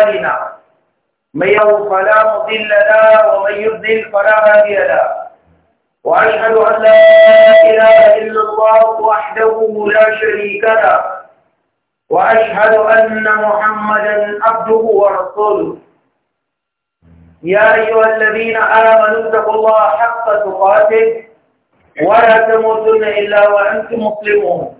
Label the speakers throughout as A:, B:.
A: أعمالنا من يهو فلا مضل لا ومن يضل فلا هادي لا وأشهد أن لا إله إلا الله وحده لا شريك له وأشهد أن محمدا عبده ورسوله يا أيها الذين آمنوا اتقوا الله حق تقاته ولا تموتن إلا وأنتم مسلمون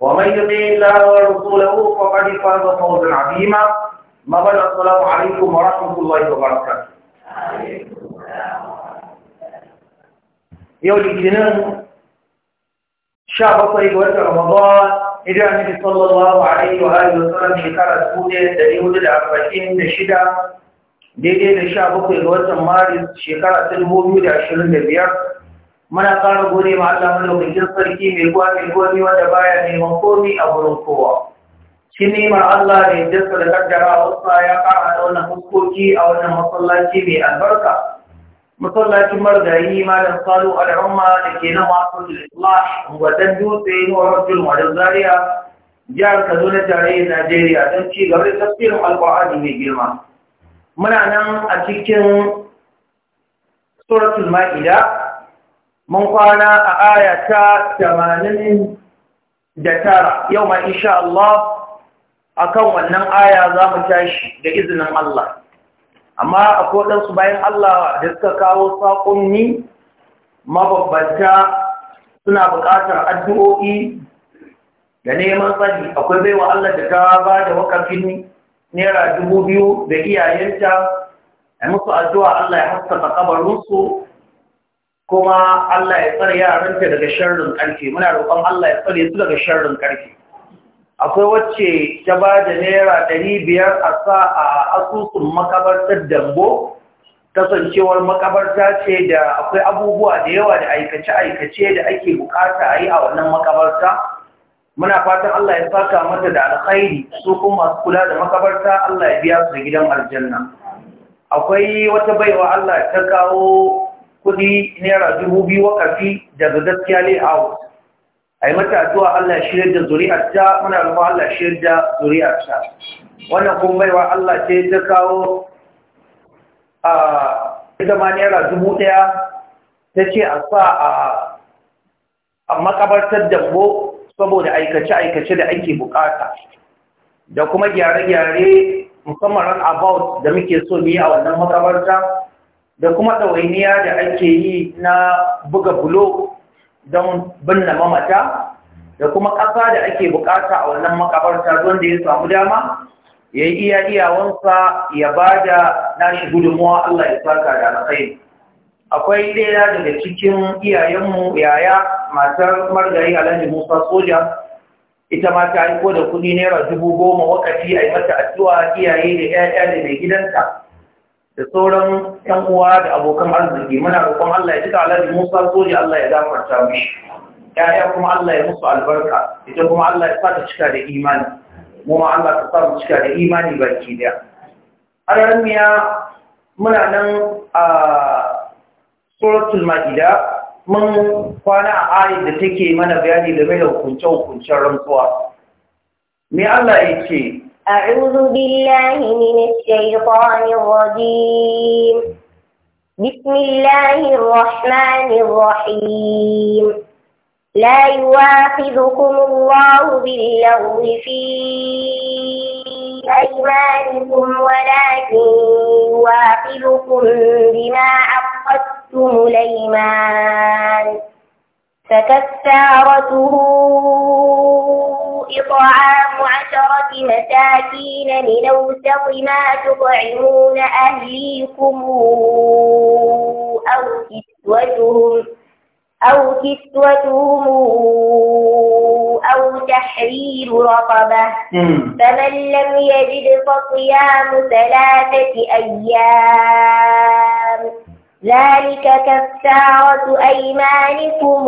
A: ومن يطع الله ورسوله فقد فاز فوزا عظيما ما بعد السلام عليكم ورحمه الله وبركاته yau litinin sha bakwai ga watan ramadan idan annabi sallallahu alaihi wa alihi wasallam dubu ɗaya da ɗari hudu da arba'in da shida daidai da sha bakwai ga watan maris shekara biyar muna ƙara gode ma Allah malaukakin sarki mai ruwa mai gomi wanda baya neman komi a wurin kowa. Shi ma Allah da ya da kaddara wasa ya ƙara da wannan huskoki a wannan masallaci mai albarka. Masallacin margari malam salu al'umma da ke nan masu Islah, gwadan dutse na warajul wajen zaria, jihar Kaduna tarayyar Najeriya don ci gaba da tafsirin alƙur'ani mai girma. Muna nan a cikin suratul ma'ida mun kwana a aya ta tara, yau ma insha Allah akan wannan aya za mu tashi da izinin Allah amma akwai ɗansu bayan Allah da suka kawo saƙonni mababbanta suna buƙatar addu'o'i da neman tsari akwai baiwa Allah da ta ba da wakafin naira dubu biyu da iyayenta a musu addu'a Allah ya hassaka ƙabarinsu. kuma Allah ya tsare yaranta daga sharrin karfe muna roƙon Allah ya tsare su daga sharrin karfe akwai wacce ta ba da naira ɗari biyar a sa a asusun makabartar dambo kasancewar makabarta ce da akwai abubuwa da yawa da aikace-aikace da ake bukata a yi a wannan makabarta muna fatan Allah ya saka mata da alkhairi su kuma masu kula da makabarta Allah ya biya su gidan aljanna akwai wata baiwa Allah ta kawo kudi naira dubu biyu wakafi daga gaskiya layout a yi mata zuwa Allah shi da zuri'arta muna rufa Allah shi da zuri'arta wannan kuma baiwa Allah ce ta kawo a zama naira dubu ɗaya ta ce a sa a makabartar dambo saboda aikace-aikace da ake bukata da kuma gyare-gyare musamman about da muke so biyu a wannan makabarta da kuma ɗawainiya da ake yi na buga bulo don binne mamata da kuma ƙasa da ake buƙata a wannan makabarta don da ya samu dama ya yi iya iyawansa ya ba da nashi gudunmuwa Allah ya saka da alkhairi akwai ɗaya daga cikin iyayenmu yaya matar margari alhaji musa soja ita ma ta aiko da kuɗi naira dubu goma wakati a yi mata addu'a iyaye da 'ya'ya da mai gidanta da sauran ‘yan uwa da abokan arziki muna roƙon Allah ya cika alhaji Musa soji Allah ya gafarta mishi, ‘ya'ya kuma Allah ya musu albarka, ita kuma Allah ya sa cika da imani, ma Allah ta sa mu cika da imani baki daya. Ararmiya muna nan a suratul ma'ida mun kwana a ayin da take mana bayani game da hukunce-hukuncen rantsuwa. Me Allah ya ce,
B: أعوذ بالله من الشيطان الرجيم بسم الله الرحمن الرحيم لا يواخذكم الله باللغو في أيمانكم ولكن يواخذكم بما عقدتم الأيمان فكفارته إطعام عشرة مساكين من أوسط ما تطعمون أهليكم أو كسوتهم أو كسوتهم أو تحرير رقبة فمن لم يجد فصيام ثلاثة أيام
C: ذلك كفارة
B: أيمانكم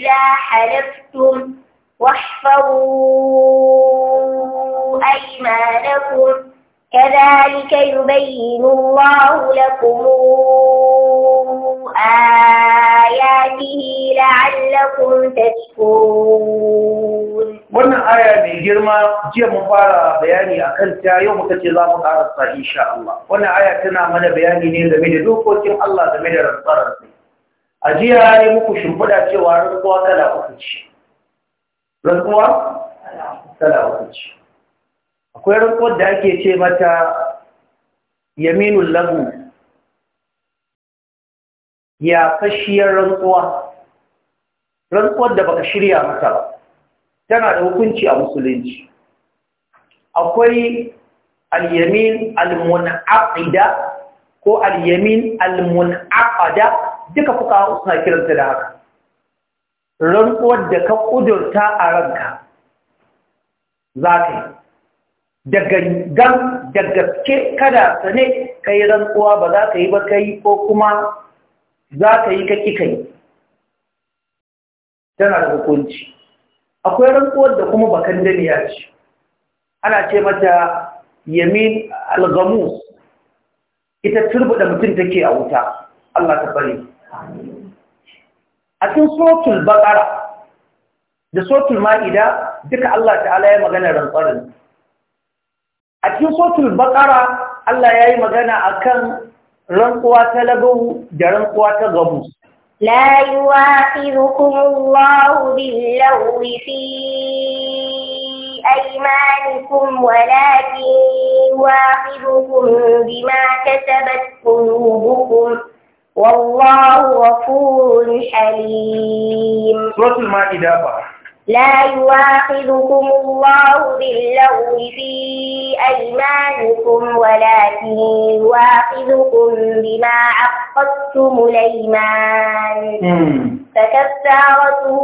B: إذا حلفتم واحفظوا أيمانكم كذلك يبين الله لكم آياته لعلكم تشكرون
A: wannan aya mai girma jiya mun fara bayani a kan ta yau muka ce za mu ƙara sa insha Allah wannan aya tana mana bayani ne game da dokokin Allah game da rantsarar a jiya ne muku shimfiɗa cewa rantsuwa kala uku ce rantsuwa kala uku ce akwai rantsuwar da ake ce mata yaminul lagu ya fashiyar rantsuwa rantsuwar da baka shirya mata ba tana da hukunci a musulunci akwai al-yamin al-munaqida ko al-yamin al-munaqada duka fuka suna kiranta da haka rantsuwar da ka kudurta a ranka za daga gan da gaske kada sane kai rantsuwa ba za ka yi ba kai, ko kuma za ka yi ka kika yi tana da hukunci akwai rantsuwar da kuma bakan daniya ce ana ce mata yamin algamus ita da mutum take a wuta Allah ta bari a cikin sotul baqara da sotul ma'ida duka Allah ta'ala ya magana rantsarin a cikin sotul baqara Allah ya yi magana akan rantsuwa ta lagawu da rantsuwa ta gamus لا
B: يواخذكم الله باللغو في أيمانكم ولكن يواخذكم بما كسبت قلوبكم والله غفور حليم سورة المائدة لا يواخذكم الله باللغو في أيمانكم ولكن يواخذكم بما عقدتم الأيمان فكفارته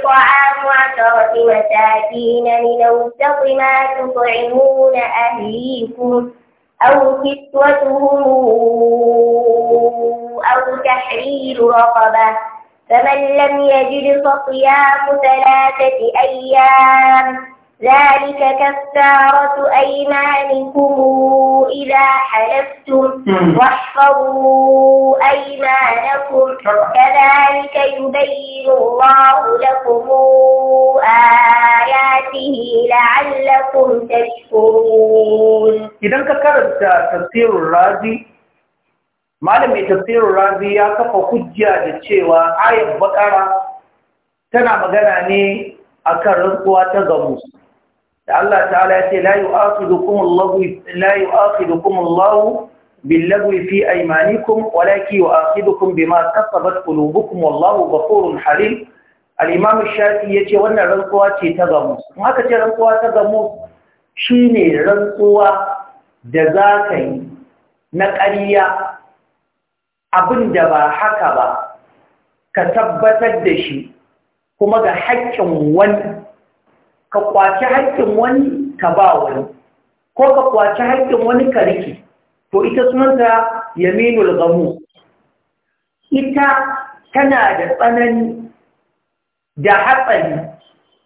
B: إطعام عشرة مساكين من أوسط ما تطعمون أهليكم أو كسوتهم أو تحرير رقبة فمن لم يجد فصيام ثلاثة أيام ذلك كفارة أيمانكم إذا حلفتم واحفظوا أيمانكم كذلك يبين الله لكم آياته لعلكم تشكرون
A: إذا كانت تفسير الرازي malam mai tafsirin razi ya kafa hujja da cewa ayat bakara tana magana ne akan rantsuwa ta gamu da Allah ta'ala ya ce la yu'akhidukum Allahu la yu'akhidukum Allahu billagwi fi aymanikum walaki yu'akhidukum bima kasabat qulubukum wallahu ghafurun halim al-imam shafi yace wannan rantsuwa ce ta gamu in aka ce rantsuwa ta gamus shine rantsuwa da za ka yi na ƙarya abin da ba haka ba ka tabbatar da shi kuma ga haƙƙin wani ka kwaci haƙƙin wani ka ba wani ko ka kwaci haƙƙin wani ka rike to ita sunanta yaminul gamu ita tana da tsanani da hatsari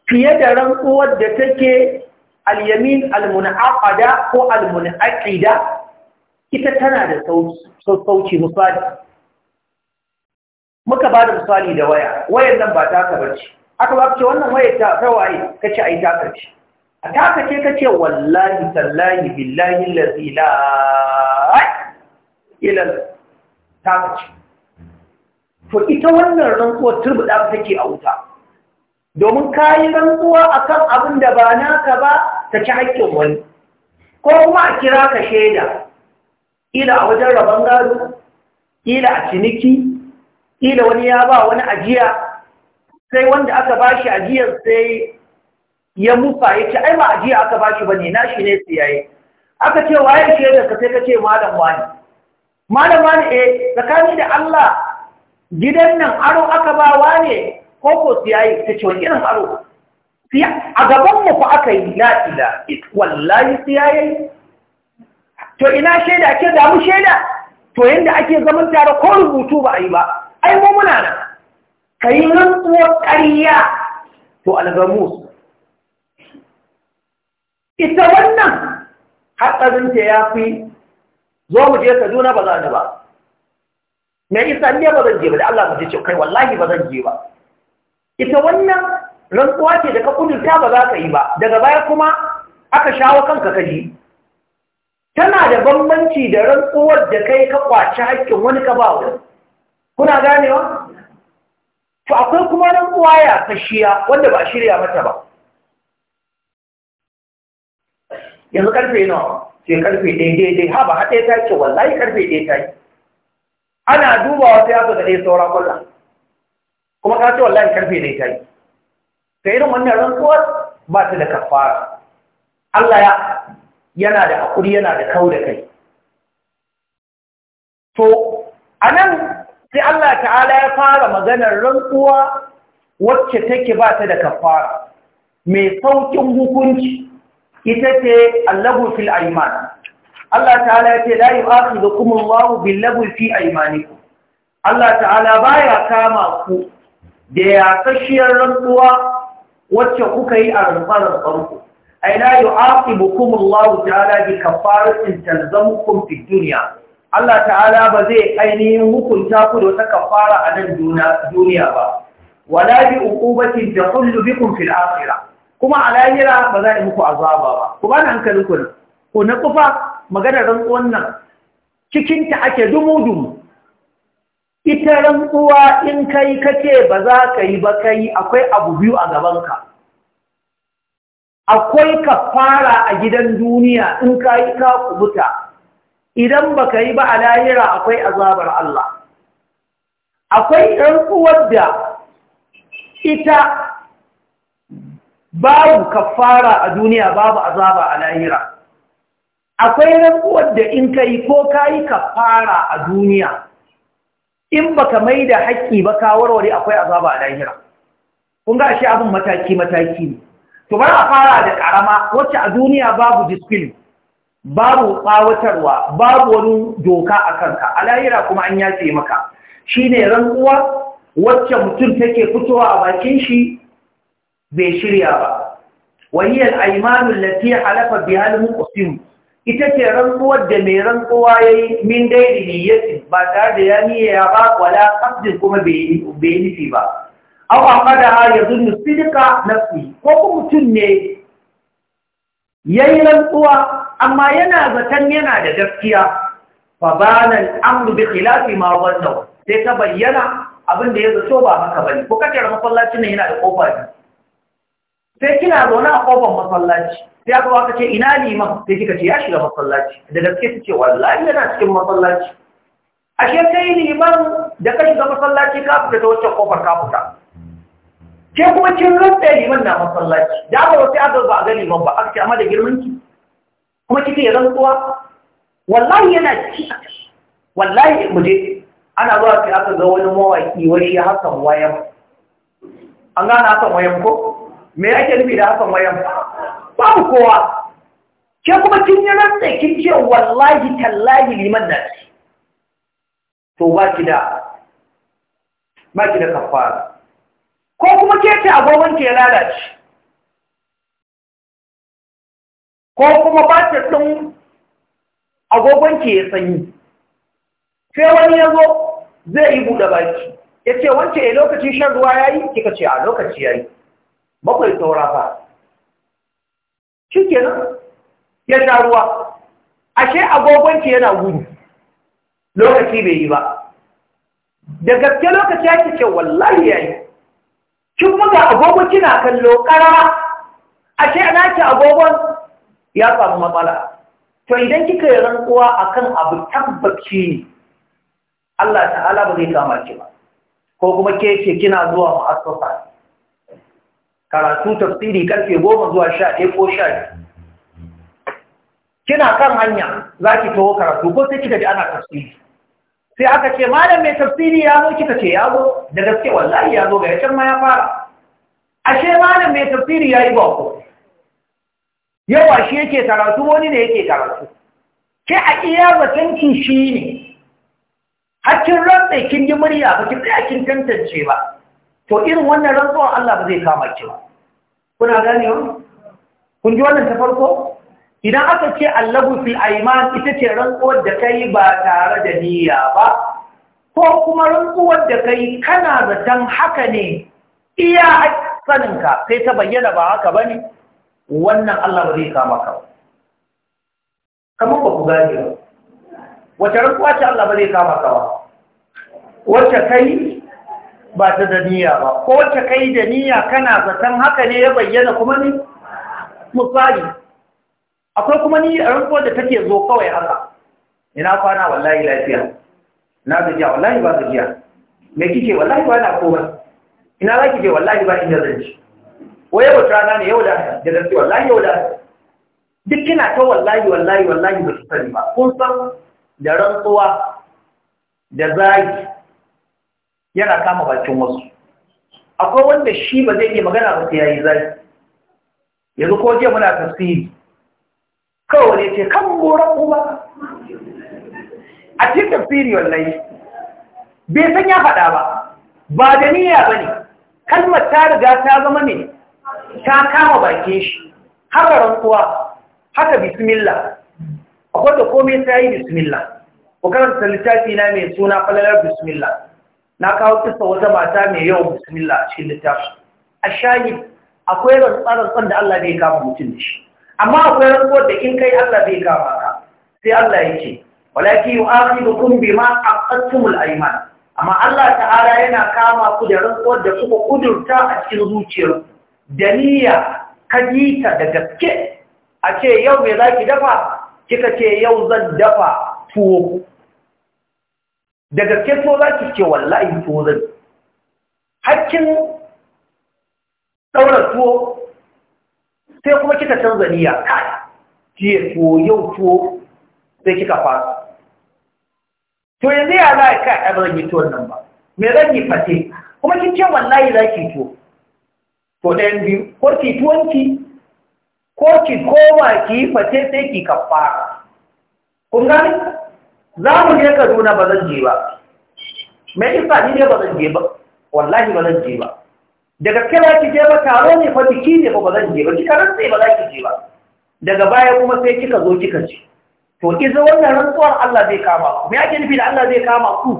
A: fiye da rantsuwar da take al-yamin al-munaqada ko al-munaqida ita tana da sauci misali muka ba da misali da waya wayan nan ba taka bace aka ba ce wannan waya ta ce a ai taka ce a taka ce wallahi tallahi billahi lazila, la ilal taka ce to ita wannan rantsuwa turbuda take a wuta domin kayi rantsuwa kan abin da ba naka ba ta ci haƙƙin wani ko kuma a kira ka shaida ila a wajen rabon gado ila a ciniki ila wani ya ba wani ajiya sai wanda aka ba shi ajiyar sai ya mufa ya ce ai ba ajiya aka ba shi ba ne nashi ne su yayi aka ce waye shaidar ka sai ka ce malam wani malam wani eh tsakani da Allah gidan nan aro aka ba wane ko ko su yayi ta ce wani irin aro a gaban mu fa aka yi la'ila, wallahi su yayi to ina shaida ake damu shaida to yanda ake zaman tare ko rubutu ba a yi ba ai mu muna nan ka yi rantsuwar ƙarya to algamus ita wannan hatsarin ya fi zo mu je kaduna ba za ni ba me isa ne ba zan je ba da Allah ba ce kai wallahi ba zan je ba ita wannan rantsuwa ce da ka kudurta ba za ka yi ba daga baya kuma aka shawo kanka kaji tana da bambanci da rantsuwar da kai ka kwaci haƙƙin wani ka ba wani kuna ganewa to akwai kuma rantsuwa ya kashiya wanda ba a shirya mata ba yanzu karfe nawa ce karfe ɗaya daidai ha ba haɗe ta ce wallahi karfe ɗaya ta yi ana duba wata sai da ɗaya saura kwallon kuma ka ce wallahi karfe ɗaya ta yi ta irin wannan rantsuwar ba ta da kafara Allah ya yana da haƙuri yana da kawo da kai to a nan sai Allah ta'ala ya fara maganar rantsuwa wacce take ba ta da kafara mai saukin hukunci ita ce allahu fil aiman Allah ta'ala ya ce da kuma kuma bil bin fi aimaniku. Allah ta'ala baya kama ku da ya kashiyar rantsuwa wacce kuka yi a rantsuwa rantsuwa. ay la yu'aqibukum Allah ta'ala bi kafaratin talzamukum fi duniya? Allah ta'ala ba zai ainihin hukunta ku da wata kafara a nan duniya ba wala bi uqubatin tahullu bikum fil akhirah kuma a lahira ba za a yi muku azaba ba ku bani na hankalin ku ko na kufa magana rantsuwan nan cikin ta ake dumu dumu ita rantsuwa in kai kace ba za ka yi ba kai akwai abu biyu a gaban ka. akwai kafara a gidan duniya in ka yi ka kubuta idan baka yi ba a lahira akwai azabar Allah akwai rantsuwar da ita babu kafara a duniya babu azaba a lahira akwai rantsuwar da in ka yi ko ka yi kafara a duniya in baka mai da haƙƙi ba ka warware akwai azaba a lahira kun ga shi abin mataki-mataki ne to bari a fara da karama wacce a duniya babu discipline babu tsawatarwa babu wani doka a kanka a lahira kuma an yace maka shine rantsuwa wacce mutum take fitowa a bakin shi bai shirya ba wahiyar aimanun lati halafa al muqsim ita ce rantsuwar da mai rantsuwa yayi min daidai niyyati ba tare da ya niyya ba wala kuma bai nufi ba aw ya yadhunnu sidika nafsi ko kuma mutum ne yayi rantsuwa amma yana zaton yana da gaskiya fa bana al-amru bi khilafi ma dhanna sai ta bayyana abin da ya zato ba haka bane ko kace masallacin nan yana da kofa ne sai kina zaune a kofar masallaci sai aka waka ce ina liman sai kika ce ya shiga masallaci da gaske ce wallahi yana cikin masallaci ashe kai liman da ka shiga masallaci ka fita ta wacce kofar ka fita ke kuma kin rantsa liman na masallaci da ba wasu ya ba a ga liman ba aka ce amma da girman ki kuma kike ya rantsuwa wallahi yana ci wallahi mu je ana zuwa sai aka ga wani mawaki wani ya hakan wayan an gana hakan wayan ko me yake nufi da hakan wayan babu kowa ke kuma kin yi rantsa kin ce wallahi tallahi liman na ci to ba ki da ba ki da kafara
C: ko kuma ke ce agogon ke lalace ko kuma batir ɗin
A: agogon ke ya sanyi sai wani ya zo zai yi buɗe baki ya ce wance a eh, lokacin shan ruwa ya yi kika ce a lokaci ya yi bakwai saura ba shi nan ya sha ruwa ashe agogon ke yana gudu lokaci bai yi ba da gaske lokaci ya ce wallahi ya yi kin kuma ga agogo kina kallo karara ashe ana ce agogon ya samu matsala to idan kika yi rantsuwa akan abu tabbaci ne Allah ta'ala ba zai kama ki ba ko kuma ke ce kina zuwa mu'assasa karatu tafsiri karfe goma zuwa sha ɗaya ko sha kina kan hanya za ki taho karatu ko sai kika ji ana tafsiri sai aka ce malam mai tafsiri ya zo kika ce ya zo da gaske wallahi ya zo ga yacan ma ya fara ashe malam mai tafsiri ya yi bako yawa shi yake karatu wani ne yake karatu ke a iya zatanki shi ne hakkin rantsa kin yi murya ba kin tsaya kin tantance ba to irin wannan rantsuwar Allah ba zai kama ki ba kuna gane wa kun ji wannan ta farko idan aka ce allahu fil aiman ita ce rantsuwar da kai ba tare da niyya ba ko kuma rantsuwar da kai kana zaton haka ne iya saninka sai ta bayyana ba haka ba ne wannan allah ba zai kama ka kamar ba ku gane ba wace rantsuwa ce allah ba zai kama ka ba wacce kai ba ta da niyya ba ko wacce kai da niyya kana zaton haka ne ya bayyana kuma ne misali akwai kuma ni a rantsuwar da take zo kawai haka ina kwana wallahi lafiya na gajiya wallahi ba gajiya me kike wallahi ba na komai ina za ki je wallahi ba inda zan ci ko yau ta rana ne yau da da gaske wallahi yau da duk kina ta wallahi wallahi wallahi ba ki sani ba kun san da rantsuwa da zagi yana kama bakin wasu akwai wanda shi ba zai yi magana ba sai yayi zagi yanzu ko je muna tafsiri kawai wani ce kan goron uba a cikin tafsiri wallahi bai san ya faɗa ba ba da niyya ba kalmar ta riga ta zama ne ta kama bakin shi haka rantsuwa haka bismillah akwai da komai ta yi bismillah ku karanta littafi na mai suna falalar bismillah na kawo kisa wata mata mai yawan bismillah a cikin littafi a shayi akwai rantsarantsan da Allah ne ya kama mutum da shi amma akwai rantsuwa da in kai Allah zai kama ka sai Allah ya ce walaki ma a aqadtumul aiman amma Allah ta'ala yana kama ku da rantsuwa da kuka kudurta a cikin zuciyar da niyya kajita da gaske a ce yau me zaki dafa kika ce yau zan dafa tuwo da gaske tuwo ki ce wallahi tuwo zan hakkin ɗaura tuwo sai kuma kika canza niyya kai jiya tuwo yau tuwo sai kika fara to yanzu ya za a kai a zan yi tuwon nan ba me zan yi fate kuma kin ce wallahi za ki tuwo Ko ɗayan biyu ko ki tuwonki ko ki koma ki yi fate sai ki fara kun gani za mu je kaduna ba zan je ba me isa ni ne ba zan je ba wallahi ba zan je ba da gaske ba ki je ba taro ne fa biki ne ba zan je ba kika sai ba za ki je ba daga baya kuma sai kika zo kika ce to izo wannan rantsuwar Allah zai kama ku me ake nufi da Allah zai kama ku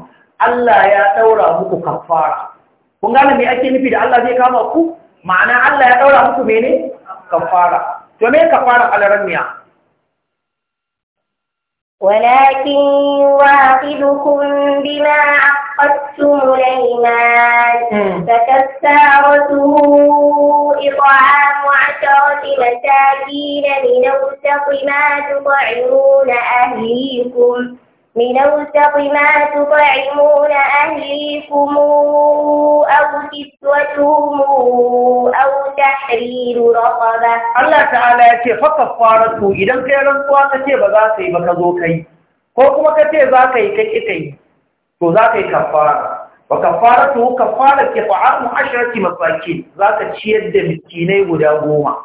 A: Allah ya daura muku kafara kun ga me ake nufi da Allah zai kama ku ma'ana Allah ya daura muku mene kafara to me kafara alarmiya
B: walakin wa'idukum bima عقدتم الأيمان آه. فكفارته إطعام عشرة مساكين من أوسط ما تطعمون أهليكم من أوسط ما تطعمون أهليكم أو كسوتهم أو تحرير رقبة الله
A: تعالى يتي فكفارته إذا كان رنطوا كتب ذاتي بكذو كي ko kuma ka za kai to za ka yi kafara wa kafara to kafara ke fa'amu ashirati masaki za ka ciyar da miskinai guda goma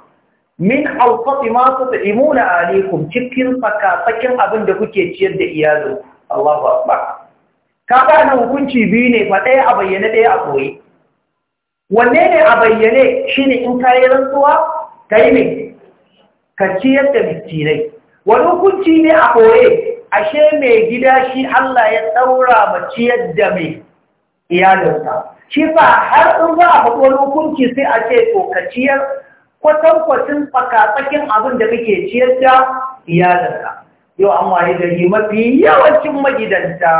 A: min alfafi masu ta imuna alaikum cikin fakasakin abin da kuke ciyar da iyalin Allahu akbar ka ba na hukunci biyu ne fa ɗaya a bayyane ɗaya a koyi wanne ne a bayyane shine in kayi rantsuwa ka yi mai ka ciyar da miskinai wani hukunci ne a koye ashe mai gida shi Allah ya ɗaura mace yadda mai iyalinta. shi ba har in za a faɗo hukunci sai a ce to ka ciyar kwatankwacin tsakatsakin abin da kake ciyar da iyalinka yau an waye gari mafi yawancin magidanta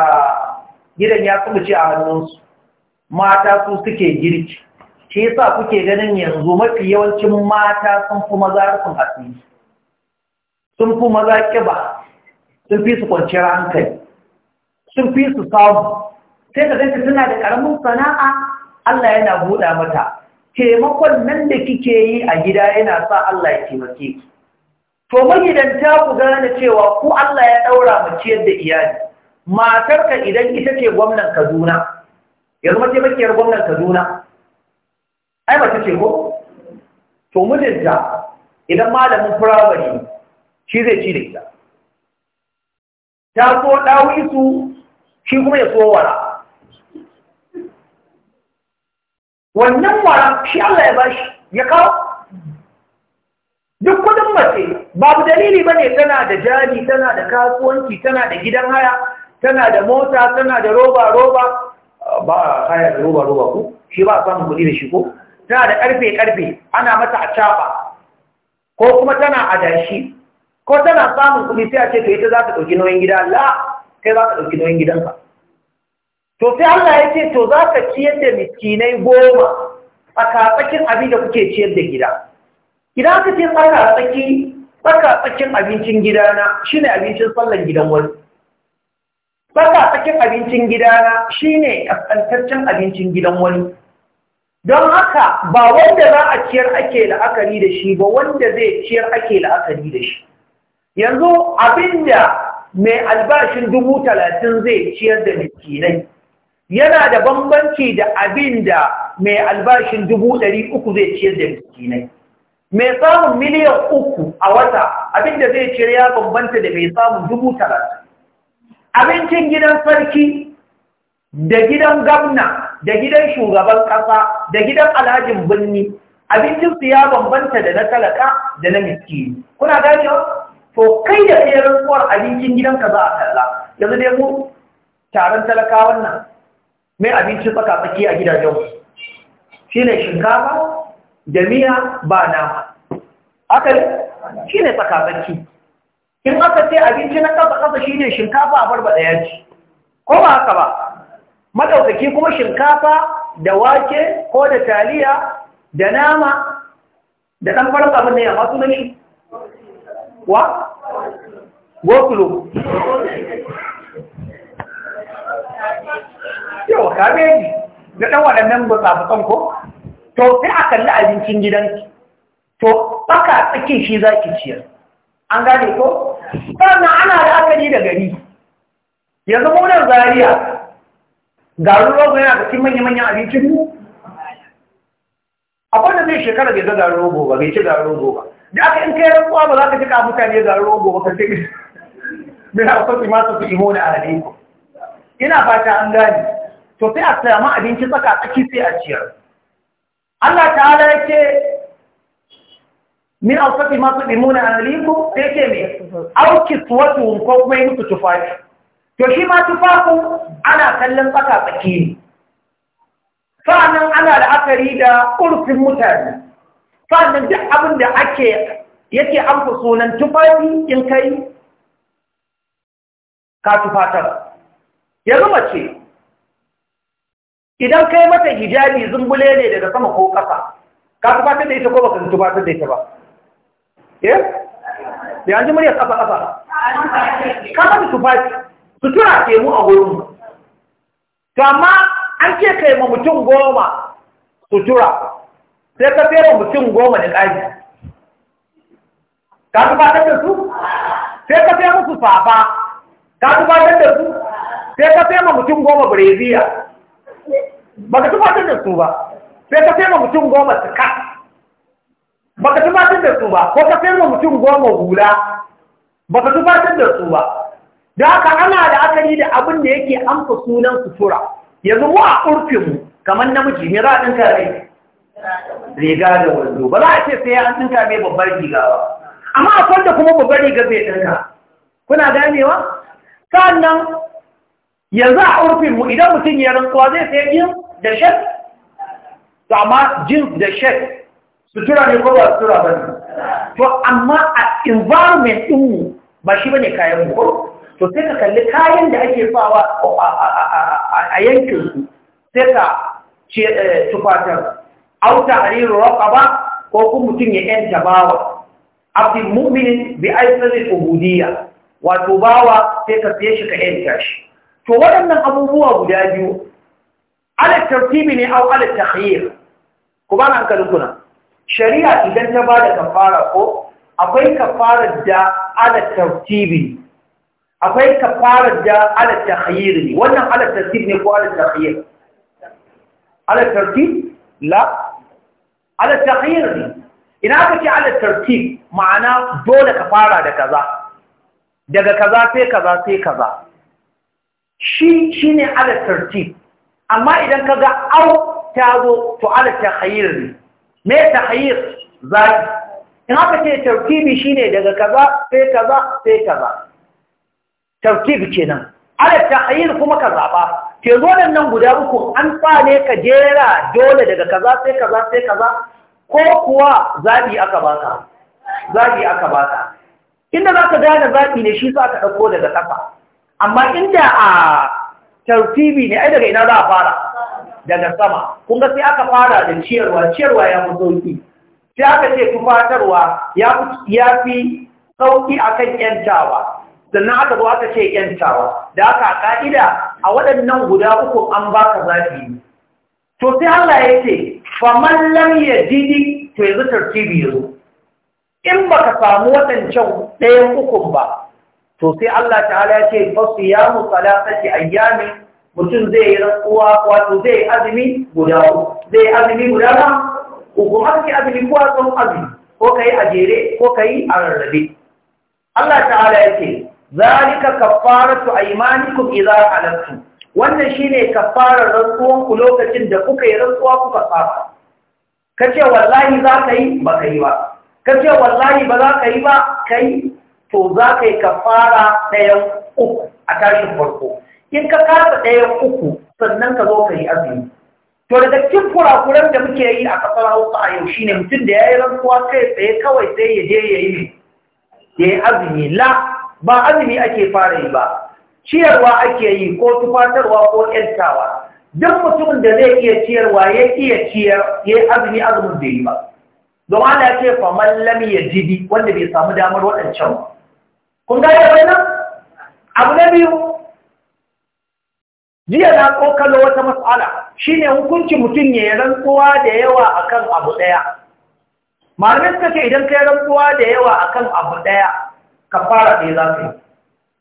A: gidan ya kuma ce a hannunsu mata su suke girki shi sa kuke ganin yanzu mafi yawancin mata sun fi maza rufin asiri sun fi su kwanciyar hankali sun fi su samu sai ka zai suna da ƙaramin sana'a Allah yana buɗa mata taimakon nan da kike yi a gida yana sa Allah ya taimake ki to magidanta ku gane cewa ku Allah ya ɗaura mu ciyar da iyali matarka idan ita ce gwamnan Kaduna yanzu mace makiyar gwamnan Kaduna ai mace ce ko to mijinta idan malamin firamare shi zai ci da ita ya so ɗawisu shi kuma ya so wara wannan wara shi Allah ya bashi ya kawo duk kudin mace babu dalili bane tana da jari tana da kasuwanci tana da gidan haya tana da mota tana da roba roba ba haya da roba roba ko shi ba samun kuɗi da shi ko tana da karfe karfe ana mata a caba ko kuma tana a dashi ko tana samun kuɗi sai a ce to ita za ta ɗauki nauyin gida la kai za ka ɗauki nauyin gidanka to sai Allah ya ce to za ka ciyar da miskinai goma a tsakatsakin abin da kuke ciyar da gida idan aka ce tsaka tsakin abincin gidana shine abincin sallan gidan wani Tsaka tsakin abincin gidana shine kaskantaccen abincin gidan wani don haka ba wanda za a ciyar ake la'akari da shi ba wanda zai ciyar ake la'akari da shi yanzu Abin da mai albashin dubu talatin zai ciyar da miskinai yana da bambanci da abin da mai albashin dubu ɗari uku zai ciyar da miskinai mai samun miliyan uku a wata abin da zai ciyar ya bambanta da mai samun dubu talatin abincin gidan sarki da gidan gamna da gidan shugaban ƙasa da gidan alhajin birni abincinsu ya bambanta da na talaka da na miskini kuna ganewa to kai da kai rantsuwar abincin gidanka za a kalla yanzu dai mu taron talakawan nan mai abincin tsaka tsaki a gidajen shi ne shinkafa da miya ba nama aka shi ne tsaka tsaki in aka ce abinci na kasa kasa shi ne shinkafa a barba ɗaya ce ko ba haka ba maɗaukaki kuma shinkafa da wake ko da taliya da nama da ɗan farin abin da ya masu shi wa gosulo
C: yau kabeji
A: da ɗan waɗannan gutsa kan ko to sai a kalli abincin gidanki to baka tsakin shi za ki ciyar an gane ko sannan ana da akali da gari yanzu munan zariya garin rogo yana da cikin manya-manyan abincin mu akwai da zai shekara bai ga garin rogo ba bai ci garin rogo ba da aka in kai rantsuwa ba za ka jika mutane da rogo ba ka ce mai haifar masu su imo na alaikum ina fata an gani to sai a samu abinci tsaka tsaki sai a ciyar Allah ta'ala ya ce min alfafi masu imo na alaikum sai ke mai aukis wasu ko kuma yi mutu tufafi to shi ma tufafin ana kallon tsaka tsaki ne sa'annan ana la'akari da ƙurfin mutane sannan duk abin da ake yake fi sunan tufafi in kai ka tufatar zama ce, idan kai mata hijabi zumbule ne daga sama ko ƙasa ka tufatar da ita ko baka tufatar da ita ba eh da yanzu murya ƙasa ƙasa ka mata tufafi sutura ke mu a wurin to amma an ce kai ma mutum goma sutura sai ka fera mutum goma da ƙari ka tufatar da su sai ka fera musu fafa ka tufatar da su sai ka fera mutum goma breziya ba ka tufatar da su ba sai ka fera mutum goma suka ba ka tufatar da su ba ko ka fera mutum goma hula ba ka tufatar da su ba da haka ana da akari da abin da yake amsa sunan sutura yanzu mu a urfinmu kamar namiji ne za a ɗan rai
C: riga da wando
A: ba za a ce sai an ɗinka mai babbar riga ba amma akwai da kuma babbar riga zai ɗinka kuna ganewa sannan yanzu a urfin mu idan mutum ya rantsuwa zai sai jin da shek. to amma jin da shet sutura ne ko ba sutura ba to amma a environment ɗinmu ba shi ne kayan mu to sai ka kalli kayan da ake fawa a yankin su sai ka eh, tufatar aw tahriru raqaba ko kuma mutum ya yanta bawa abdul mu'minin bi aisalil ubudiyya wato bawa sai ka fiye shi ka 'yan shi to waɗannan abubuwa guda biyu ala tartibi ne aw ala takhyir ku ba nan kalkuna shari'a idan ta ba da kafara ko akwai kafarar da ala tartibi akwai kafarar da ala takhyir ne wannan ala tartib ne ko ala takhyir ala tartib la ala taqir ne ina kake ce ala tartib ma'ana dole ka fara da kaza daga kaza sai kaza sai kaza shi shine ala tartib amma idan kaga ga au ta zo to ala taqir ne me taqir zaki in aka ce tartibi shine daga kaza sai kaza sai kaza tartib kenan ala taqir kuma ka zaba ke zonan nan guda uku an tsane ka jera dole daga kaza sai kaza sai kaza ko kuwa zaɓi aka baka zaɓi aka baka inda za ka gane zaɓi ne shi sa ka ɗauko daga ƙasa amma inda a tartibi ne ai daga ina za a fara daga sama kun ga sai aka fara da ciyarwa ciyarwa ya fi sauki sai aka ce tufatarwa ya fi sauki akan yantawa sannan aka zo aka ce ‘yantawa, da aka ƙa'ida a waɗannan guda uku an ba ka zafi. To sai Allah ya ce, faman lamya jini to yanzu tartibi ya zo, in ba ka samu waɗancan ɗayan ukun ba, to sai Allah ta'ala ya ce, fasu ya musala sake ayyami mutum zai yi rantsuwa wato zai azumi guda uku, zai azumi guda ba, uku, haka ke azumi ko a tsawon azumi, ko ka yi a jere ko ka yi a rarrabe. Allah ta'ala ya ce, zalika kaffaratu aymanikum idza alantum wannan shine kaffarar rantsuwan ku lokacin da kuka yi rantsuwa kuka tsafa kace wallahi za ka yi ba ka ba kace wallahi ba za ka yi ba kai to za ka yi kaffara ɗayan uku a tashin farko in ka kasa ɗayan uku sannan ka zo ka yi azumi to daga cikin kurakuran da muke yi a kasar hausa a yau shine mutum da ya yi rantsuwa kai tsaye kawai sai ya je ya yi ya yi azumi la ba azumi ake fara yi ba ciyarwa ake yi ko tufatarwa ko ƴantawa duk mutumin da zai iya ciyarwa ya iya ciyar ya azumi azumin da yi ba don ana ce faman lam ya jibi wanda bai samu damar waɗancan kun gane nan, abu na biyu jiya na kokalo wata matsala shine hukunci mutum ya rantsuwa da yawa akan abu ɗaya. malamin suka ce idan ka yi rantsuwa da yawa akan abu ɗaya. kafara ɗaya za ka yi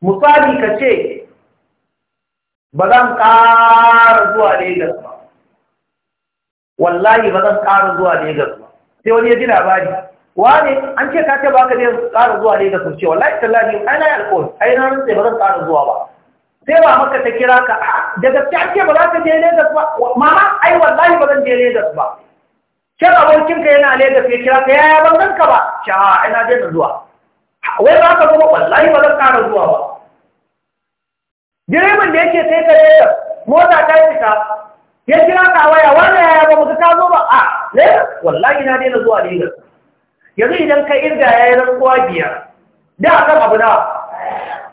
A: misali ka ce ba zan ƙara zuwa Legas ba wallahi ba zan ƙara zuwa Legas ba sai wani ya ji labari wane an ce ka ce ba ka zai ƙara zuwa Legas ba? ce wallahi tallahi ai na yi alƙawari ai na rantsa ba zan ƙara zuwa ba sai ba maka ta kira ka da gaske an ce ba za ka je Legas ba mama ai wallahi ba zan je Legas ba Shan abokinka yana Legas ya kira ka yaya ban zan ka ba, sha ina daina zuwa. wai za ka zama wallahi ba zan ƙara zuwa ba direban da yake sai ka leta mota ta fita ya kira ka waya wannan yaya ba mutu ka zo ba a ah, ne? wallahi na daina zuwa lagos yanzu idan ka irga ya yi rantsuwa biyar da aka abu na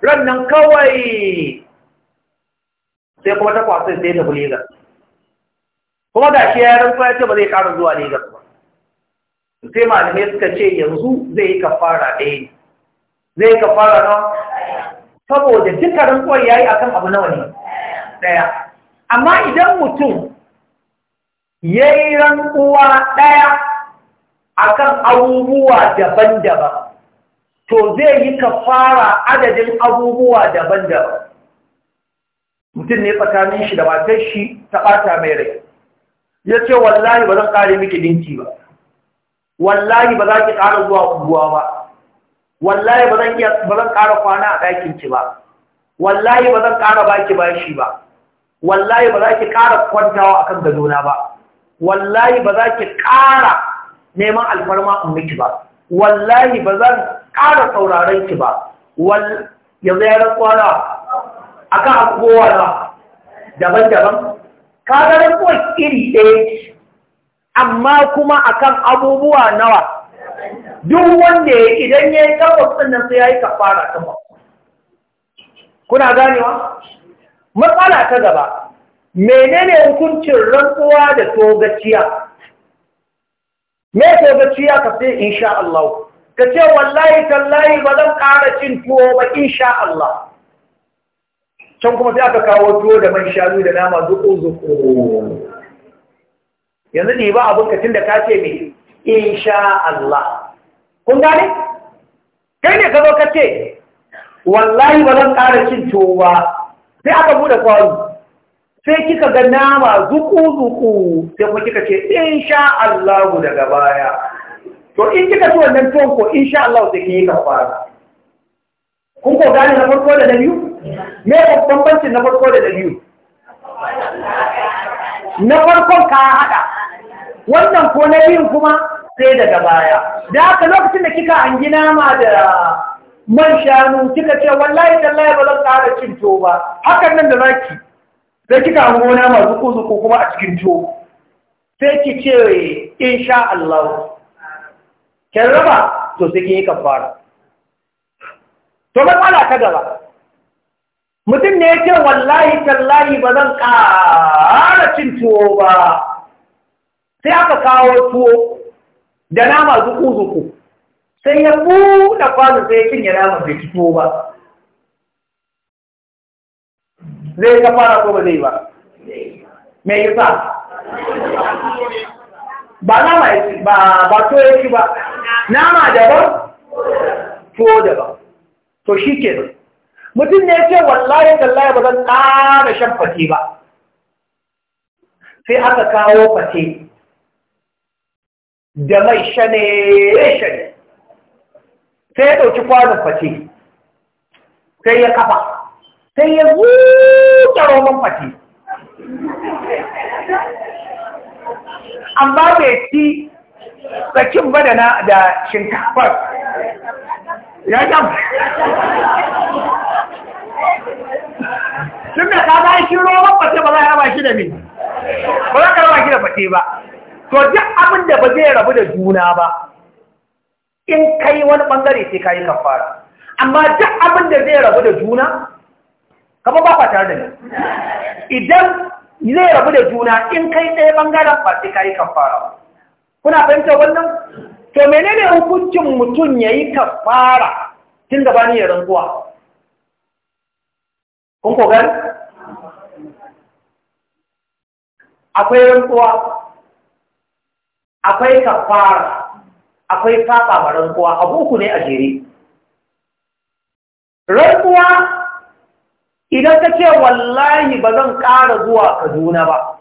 A: ran nan kawai sai kuma ta kwasa sai tafi ga kuma ga shi ya yi rantsuwa ce ba zai ƙara zuwa ne ba sai malamai suka ce yanzu zai yi kafara ɗaya zai ka fara na saboda duka kawai ya yi akan abu nawa ne ɗaya amma idan mutum ya yi rantsuwa ɗaya kan abubuwa daban-daban to zai yi ka fara adadin abubuwa daban-daban mutum ne tsakanin shi da matar shi ta ɓata mai rai ya ce wallahi ba zan ƙare miki dinki ba wallahi ba za ki ƙara zuwa unguwa ba wallahi ba zan iya ba zan ƙara kwana a ɗakin ki ba wallahi ba zan ƙara baki bashi ba wallahi ba za ki ƙara kwantawa akan gadona ba wallahi ba za ki ƙara neman alfarma in miki ba wallahi ba zan ƙara sauraron ki ba wal yanzu ya rantsuwa kwana akan abubuwa na daban-daban ka ga rantsuwa iri ɗaya amma kuma akan abubuwa nawa duk wanda ya idan ya yi tabbas ɗin nan sai ya yi kafara tabbas kuna ganewa matsala ta gaba menene hukuncin rantsuwa da togaciya me togaciya ka sai insha Allah ka ce wallahi tallahi ba zan ƙara cin tuwo ba insha Allah can kuma sai aka kawo tuwo da man shanu da nama zuku zuku yanzu ne ba abin ka tun da ka ce mai insha Allah kun gane kai ne ka zo ka ce wallahi ba zan ƙara cin tuwo ba sai aka bude kwano sai kika ga nama zuku zuku sai kuma kika ce insha Allah daga baya to in kika ci wannan tuwon ko insha Allah sai kin yi kafara
C: kun ko gane na farko da na
A: biyu me ko bambancin na farko da na biyu na farkon ka hada wannan ko na biyun kuma sai daga baya da aka lokacin da kika an gina ma da man shanu kika ce wallahi tallahi ba zan ƙara cin to ba hakan nan da zaki sai kika an gona ma zuku zuku kuma a cikin to sai ki ce insha Allah kin raba to sai kin yi kafara to matsala ta gaba mutum ne ya ce wallahi tallahi ba zan ƙara cin tuwo ba sai aka kawo tuwo da nama zuku-zuku sai ya buɗa kwano sai ya cinye naman bai fito ba zai ka fara ko ba zai ba me yasa
C: ba nama ya ci ba ba to ya ci ba nama daban
A: to daban to shi kenan mutum ne ce da tallahi ba zan ƙara shan fate ba sai aka kawo fate da mai shane-shane sai ya ɗauki kwanon fate sai ya kafa sai ya zuƙa roman fate amma mai ci tsakin ba da shinkafar ya jam
C: tun da ta ba shi roman fate ba za a ba shi da mai ba za ka raba shi
A: da fate ba to duk abin da ba zai rabu da juna ba in kai wani bangare sai kayi kafara amma duk abin da zai rabu da juna kama ba fa tare da ni idan zai rabu da juna in kai ɗaya bangaren ba sai kayi kafara ba kuna fahimta wannan to menene hukuncin mutum ya yi kafara tun da bani ya rantsuwa kun kogar akwai rantsuwa akwai kafara akwai saba ma rankuwa abu ku ne a jere rantsuwa idan ka ce wallahi ba zan ƙara zuwa kaduna ba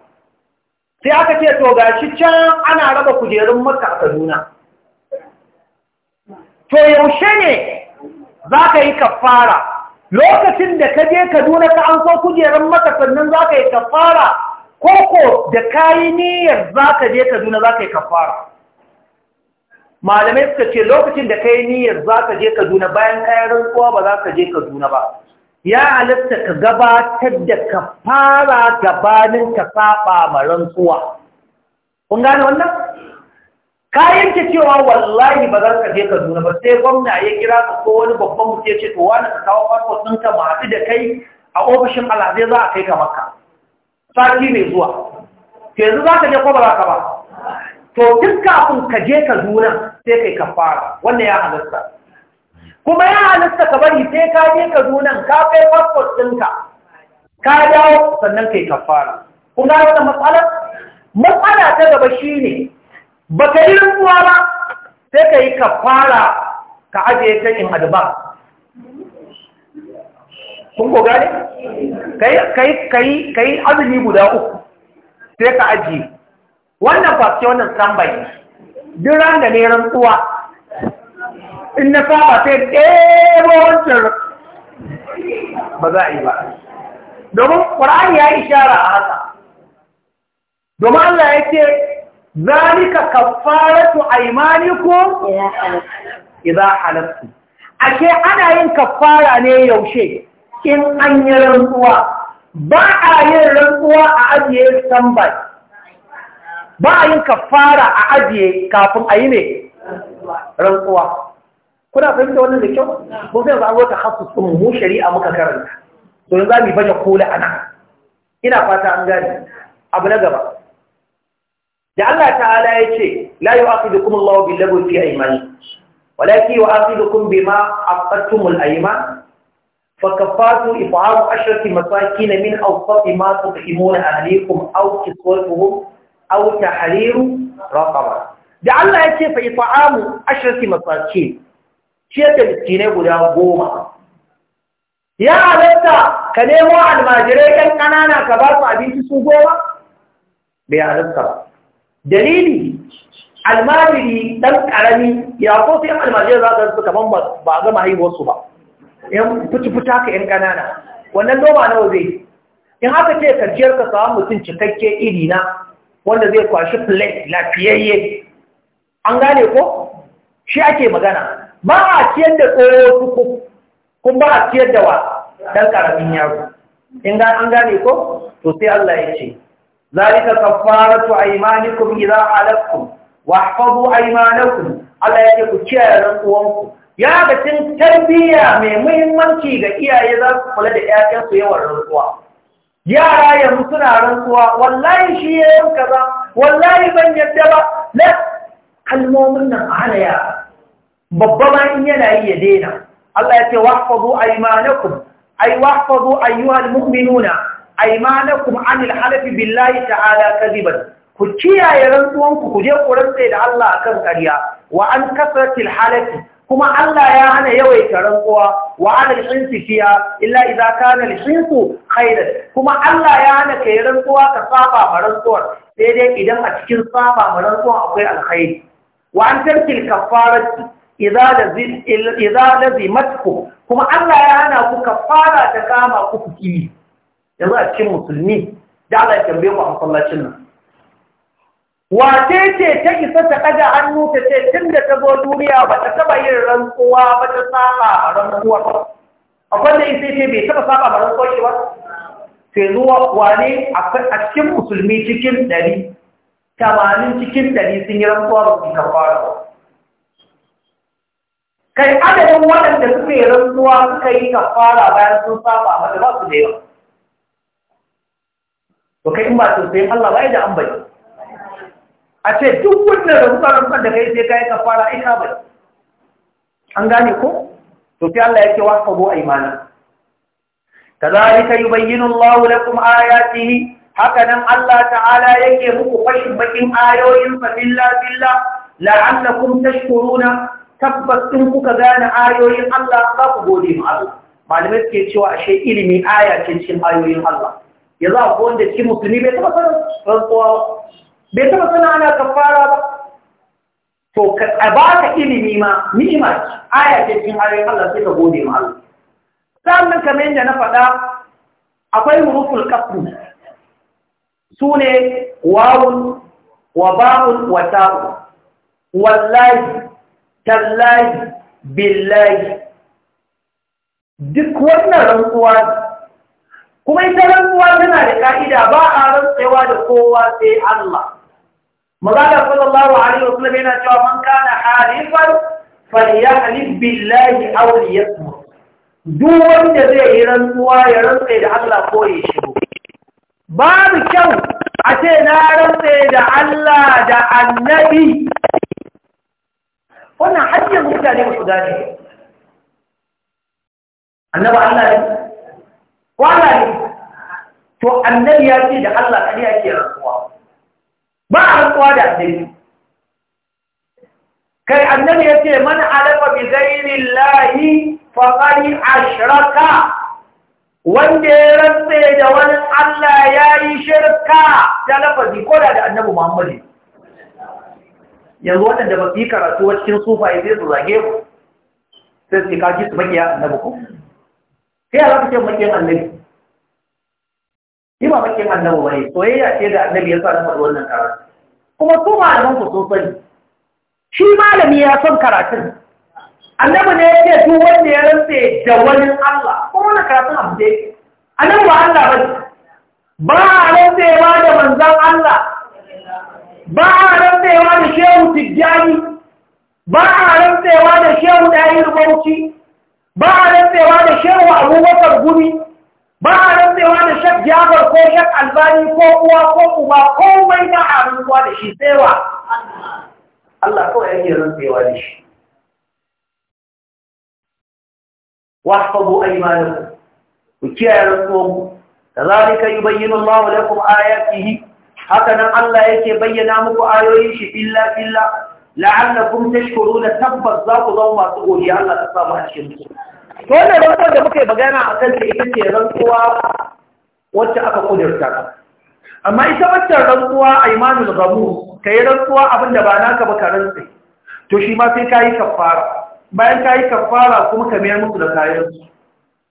A: sai aka ce to gashi can ana raba kujerun maka a kaduna to yaushe ne za ka yi kafara lokacin da ka je kaduna ka an so kujerun maka sannan za ka yi kafara koko da kayi niyyar za ka je kaduna za ka yi kafara malamai suka ce lokacin da kayi niyyar za ka je kaduna bayan kayan rantsuwa ba za ka je kaduna ba ya halatta ka gabatar da kafara gabanin ka saba ma rantsuwa kun gane wannan kayan ta cewa wallahi ba za ka je kaduna ba sai gwamna ya kira ka ko wani babban mutum ya ce to wani ka kawo farko ɗinka ba haɗu da kai a ofishin alhazai za a kai ka maka sati mai zuwa yanzu za ka je ko ba ka ba to duk kafin ka je ka zuna sai kai ka fara wannan ya halasta kuma ya halasta ka bari sai ka je ka zuna ka kai passport ɗinka ka dawo sannan kai ka fara kun ga wata matsala matsala ta gaba shine ba ka yi ba sai ka yi ka fara ka ajiye ta in advance kun ko gane ka yi azumi guda uku sai ka ajiye wannan fasce wannan sambayi duk ran da ne rantsuwa in na saba sai ɗebo wancan ba za a yi ba
C: domin ƙwararri ya yi shara a
A: haka domin Allah ya ce zalika kafaratu ko ya halattu ake ana yin kafara ne yaushe in an yi rantsuwa ba a yin rantsuwa a ajiye standby ba a yin kafara a ajiye kafin a yi ne rantsuwa kuna fahimta wannan da kyau mun sai za zo ta hasu sun mu shari'a muka karanta to yanzu za mu baje kola ana ina fata an gani abu na gaba da Allah ta'ala ya ce la yu'aqidukum Allahu bil lagwi fi aymanikum walakin yu'aqidukum bima aqadtumul ayman فكفاته إطعام عشرة مساكين من أوسط ما تطعمون أهليكم أو كسوتهم أو تحرير رقبة da Allah ya ce fa ita'amu ashrati masakin ciyar da miskinai guda goma ya halatta ka nemo almajirai ɗan ƙanana ka ba su abinci su goma bai ba dalili almajiri ɗan ƙarami ya ko sai almajirai za su ba a gama haihuwarsu ba yan fita ka yan ƙanana wannan noma nawa zai in haka ce karciyar ka samu mutum cikakke iri na wanda zai kwashi plate lafiyayye an gane ko shi ake magana ba a ciyar da tsoro kun ba a ciyar da wa dan ƙaramin yaro in ga an gane ko to sai Allah ya ce zalika kafaratu aymanikum idha halaftum wahfazu aymanakum Allah ya ce ku kiyaye rantsuwanku ya cin tarbiyya mai muhimmanci ga iyaye za su kula da 'ya'yansu yawan rantsuwa yara yanzu suna rantsuwa wallahi shi ya yin kaza wallahi ban yadda ba na kalmomin nan a hana yara babba ma in yana yi ya daina Allah ya ce wahfazu aymanakum ay wahfazu ayyuhal mu'minuna aymanakum anil halafi billahi ta'ala kadiban ku kiyaye rantsuwanku ku je ku rantsa da Allah akan ƙarya wa an kasratil halafi kuma Allah ya hana yawaita rantsuwa wa ana al-insi illa idza kana al-insu khairan kuma Allah ya hana kai rantsuwa ka saba ma rantsuwar sai dai idan a cikin saba ma akwai alkhairi wa an tarkil kafarati idza lazim idza lazimatku kuma Allah ya hana ku kafara ta kama ku kuki yanzu a cikin musulmi da Allah ya tambaye ku a masallacin nan wace ce ta isa ta ɗaga hannu ta ce tun da ta zo duniya ba ta taɓa yin rantsuwa ba ta saba a rantsuwa akwai da isa ce bai taɓa saba a rantsuwa ba sai zuwa wane a cikin musulmi cikin ɗari tamanin cikin ɗari sun yi rantsuwa ba su kafara ba kai adadin waɗanda suka yi rantsuwa suka yi kafara bayan sun saba ba da ba su da yawa ba. kai in ba sosai Allah ba ya da an bayyana a ce duk wannan rantsa-rantsar da kai sai ka yi kafara ina bai an gane ko to sai Allah yake wasa a imana kazalika yubayyinu Allahu lakum ayatihi haka nan Allah ta'ala yake muku fashin bakin ayoyin fa billa billah la'annakum tashkuruna tabbas in kuka gane ayoyin Allah za ku gode ma Allah malamai suke cewa ashe ilimi aya ke cin ayoyin Allah yanzu akwai wanda cikin musulmi bai taba sanin rantsuwa bai taba suna ana kafara ba to ka ka ilimi ma ni'ima aya ce cikin ayoyin Allah sai ka gode ma Allah sannan kamar yadda na faɗa akwai huruful qasm sune wawun wa ba'un wa ta'u wallahi tallahi billahi duk wannan rantsuwa kuma ita rantsuwa tana da ka'ida ba a rantsewa da kowa sai Allah magana sallallahu alaihi wasallam yana cewa man kana halifan falyahlif billahi ya liyasmut duk wanda zai yi rantsuwa ya rantsai da Allah ko ya shigo babu kyau a ce na rantsai da Allah da annabi wannan hajjin mutane ba su gane Annaba Allah ne ko Allah ne to annabi ya ce da Allah kariya ke rantsa ba a rantsuwa da annabi kai annabi ya ce mana alafa bi ghairi llahi faqad ashraka wanda ya rantse da wani Allah yayi shirka da lafazi ko da annabi Muhammad yanzu waɗanda ba su yi karatu a cikin sufaye sai su zage ku sai su kaji su makiya annabi ko sai a ce makiyan annabi shi ba bakin annabi bane soyayya ce da annabi ya sa na faɗi wannan karatu kuma su malaman ku sun sani shi malami ya son karatun
C: annabi ne ya ce duk
A: wanda ya rantse da wani Allah kuma wani karatun abu da yake annabi ba Allah bane ba a rantsewa da manzon Allah ba a rantsewa da shehu tijjani ba a rantsewa da shehu ɗayin bauchi ba a rantsewa da shehu abubakar gumi ba a rantsewa da shek jabar ko shek albani ko uwa ko uba ko mai ba a rantsewa da shi sai wa Allah ko yake rantsewa da shi wahfabu aymanakum ku kiyaye rantsuwan ku kazalika yubayyinu Allahu lakum ayatihi haka nan Allah yake bayyana muku ayoyin shi illa illa la'annakum da tabbas za ku zama masu godiya Allah ta saba a cikin ku to wannan rantsuwar da muka yi magana a kan ta ita ce rantsuwa wacce aka kudurta ta amma ita wacce rantsuwa a imanul gamu ka yi rantsuwa abin da ba naka ba ka rantsi to shi ma sai ka yi kafara bayan ka yi kafara kuma ka mayar musu da kayan su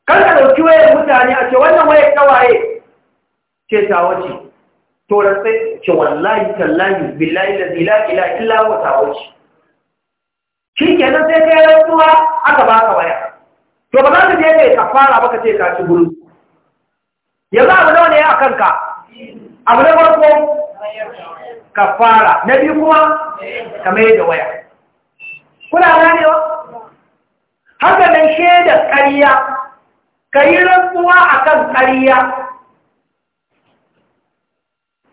A: kan ka ɗauki wayar mutane a ce wannan wayar kawaye ce ta wace to rantsai ce wallahi tallahi billahi da zila ila illa wata wace shi kenan sai ka yi rantsuwa aka baka waya to ba za ka je kai kafara ba ka ce ka ci guri yanzu abu nawa ne a kanka abu na farko kafara na biyu kuma ka mai da waya kuna ranewa haka nan shaidar ƙarya ka yi rantsuwa a kan ƙarya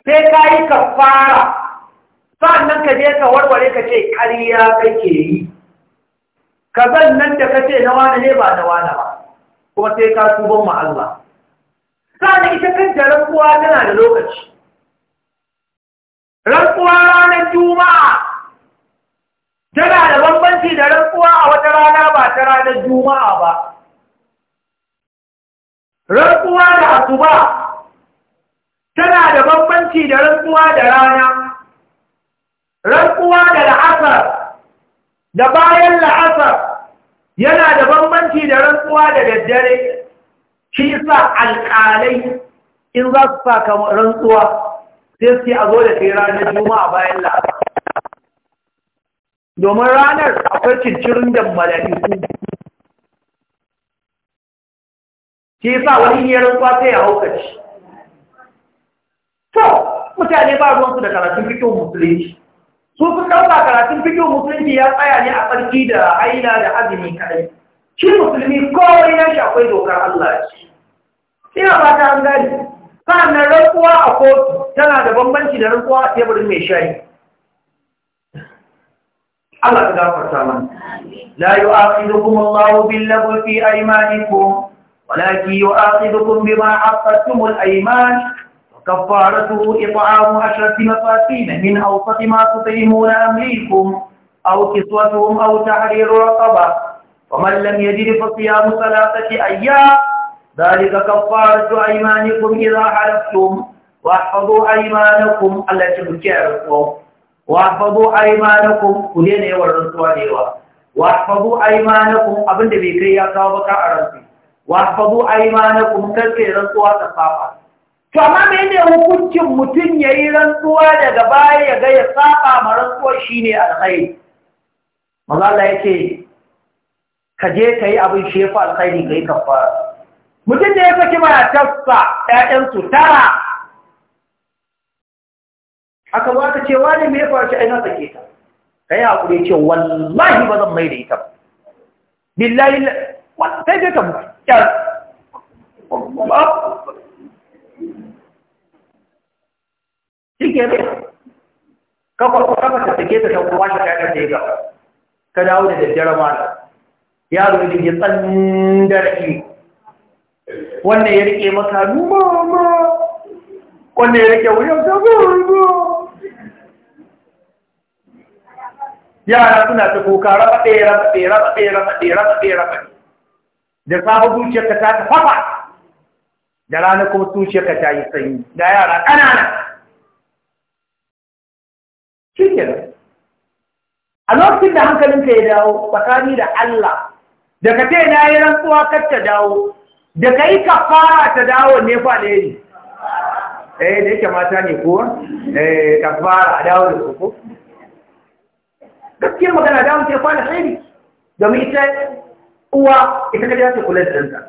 A: sai ka yi kafara sa'an nan ka je ka warware ka ce ƙarya kake yi kazan nan da kace na wani ne ba na wani ba kuma sai ka tuban ma Allah sai ita kanta rantsuwa tana da lokaci rantsuwa ranar juma'a tana da bambanci da rantsuwa a wata rana ba ta ranar juma'a ba
C: rantsuwa da asuba
A: tana da bambanci da rantsuwa da rana rantsuwa da la'asar da bayan la'asar yana da bambanci da rantsuwa da daddare shi sa alƙalai in za su sa rantsuwa sai su a zo da kai ranar juma'a bayan la'asar domin ranar akwai cincirin da su shi sa wani ya rantsuwa sai ya haukaci to mutane ba ruwansu da karatun fikin musulunci su sun ɗauka karatun fikin musulunci ya tsaya ne a tsarki da aina da azumi kaɗai shi musulmi kowai na shi akwai dokar Allah ce ina ba ta an gani sa'annan rantsuwa a kotu tana da bambanci da rantsuwa a teburin mai shayi Allah ta gafarta mana la yu'aqidukum Allahu bil-lagwi fi aymanikum walakin yu'aqidukum bima aqadtumul ayman كفارته إطعام عشرة مساكين من أوسط ما تطعمون أمليكم أو كسوتهم أو تحرير رقبة ومن لم يجد فصيام ثلاثة أيام ذلك كفارة أيمانكم إذا حلفتم واحفظوا أيمانكم ألا تبكاركم واحفظوا أيمانكم كلنا يورنسوا واحفظوا أيمانكم أبن دبيكي يا كابك أرسي واحفظوا أيمانكم كالكي رنسوا تصافت to amma mai ne hukuncin mutum ya yi rantsuwa daga baya ya ga ya saba ma rantsuwar shi ne alkhairi maza Allah ya ce ka je ka yi abin shi ya fi alkhairi ka yi kafara mutum da ya saki matarsa ‘ya'yansu tara aka ba ka ce wani mai faru ce aina sake ta ka yi haƙuri ce wallahi ba zan mai da ita billahi sai dai ta mutu Ka ne ka ka ta take ta ta kuma shi ta kace ga ka dawo da daddare ma yaro ne ya tsandara ki wannan ya rike maka
C: mama
A: wannan ya rike wuyan
C: ta mama
A: yara suna ta kuka raba ɗaya raba ɗaya raba ɗaya raba ɗaya raba ɗaya raba da sabu zuciyarka ta ta fafa da ranar kuma zuciyarka ta yi sanyi da yara ƙanana shi kenan a lokacin da hankalinka ya dawo tsakani da Allah da ka ce na yi rantsuwa kar ta dawo da ka yi ta dawo ne fa ne eh da yake mata ne kuwa eh fara a dawo da su ko gaskiyar magana dawo ce fa da khairi domin ita uwa ita kaje ta kula da danta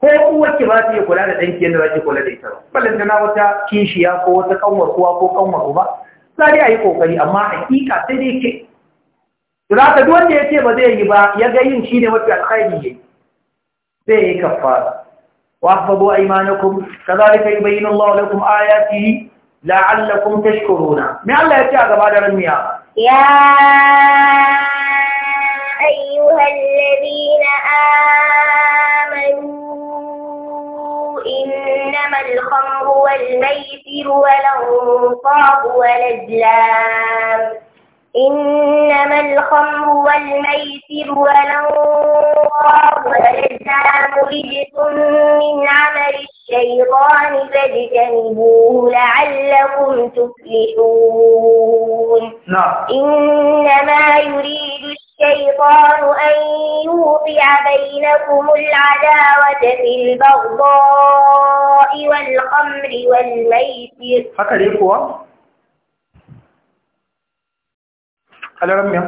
A: ko uwar ki ba ta iya kula da danki yadda za ki kula da ita ba balantana wata kishiya ko wata kanwar kuwa ko kanwar uba sai a yi kokari amma hakika sai dai ce Zaka duk wanda ya ce ba zai yi ba ya ga yin shi ne mafi alkhairi ne zai yi kafara wa ahfazu aymanakum kadhalika yubayyinu Allahu lakum ayatihi la'allakum tashkuruna me Allah ya ce a gaba da ranniya
B: ya ayyuhal ladina amanu إنما الخمر والميسر والأنصاب والأزلام إنما الخمر والميسر والأنصاب والأزلام رجس من عمل الشيطان فاجتنبوه لعلكم تفلحون نعم إنما يريد الشيطان أن يوقع بينكم العداوة في البغضاء والخمر والميسر حكا
A: ليكوا هو؟ هل رمي؟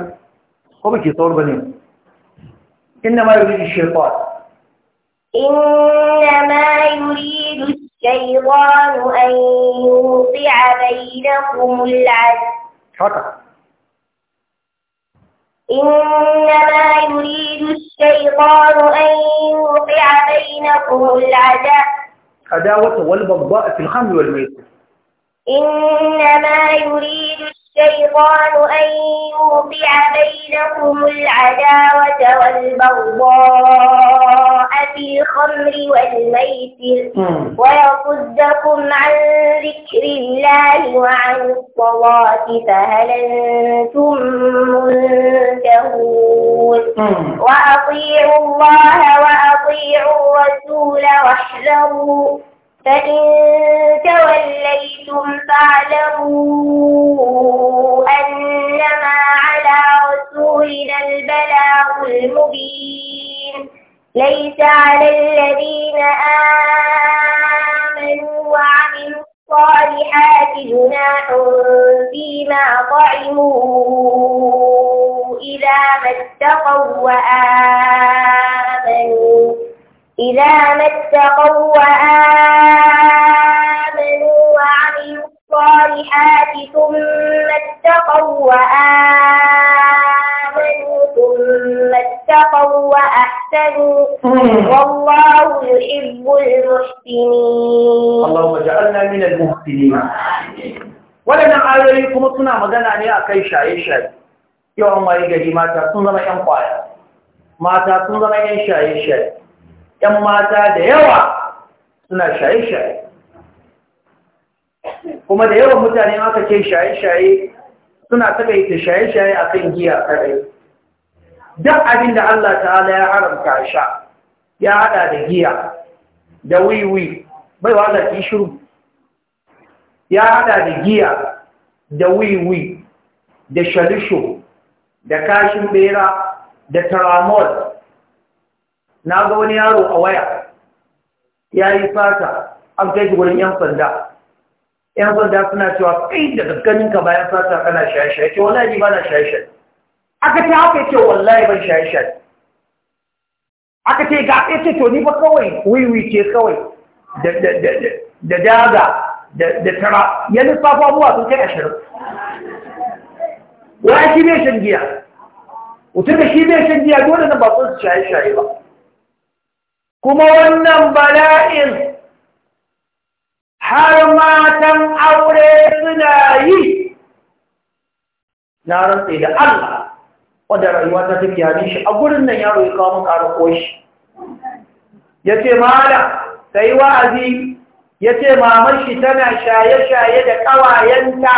A: هو بكي طور بني إنما يريد الشيطان
B: إنما يريد الشيطان أن يوقع بينكم العداوة إنما يريد الشيطان أن يوقع بينكم العداء
A: والبغضاء في الخمر والميسر
B: إنما يريد الشيطان أن يوقع بينكم العداوة والبغضاء في الخمر والميسر ويصدكم عن ذكر الله وعن الصلاة فهل أنتم منتهون وأطيعوا الله وأطيعوا الرسول واحذروا فإن توليتم فاعلموا أنما على رسولنا البلاغ المبين ليس على الذين آمنوا وعملوا الصالحات جناح فيما طعموا إذا ما اتقوا وآمنوا إذا ما اتقوا وآمنوا وعملوا الصالحات ثم اتقوا
C: وآمنوا
B: ثم اتقوا وأحسنوا والله يحب المحسنين.
A: اللهم اجعلنا من المحسنين. ولنا عليكم السنة مدنا يا كي شاي شاي. يوم ما يجي ما تصنع ما ينقايا. ما تصنع ما ينشاي شاي. شاي. ‘yan mata da yawa suna shaye-shaye kuma da yawan mutane aka ce shaye-shaye suna ta shaye-shaye a kan giya kaɗai. duk abin da Allah ta'ala ya haramta sha ya haɗa da giya da wiwi bai ki shiru ya haɗa da giya da wiwi da shalisho da kashin bera da taramol na ga wani yaro a waya ya yi fata an kai shi wurin 'yan sanda 'yan sanda suna cewa kai daga ganinka bayan fata kana shaye-shaye ce wallahi ni ba na shaye-shaye aka ce haka ce wallahi ban shaye-shaye aka ce ga ɗaya ce to ni ba kawai wiwi ce kawai da daga da tara ya lissafa abuwa sun kai ashirin wa shi ne shan giya mutum da shi bai shan giya dole na ba sun shaye-shaye ba kuma wannan bala'in har matan aure suna yi na rantse da Allah wadda rayuwa ta tafi yanin shi a gurin nan yaro ya kawo maka rako shi ya ce mala ta yi wa'azi ya ce mamashi shi tana shaye-shaye da ƙawayenta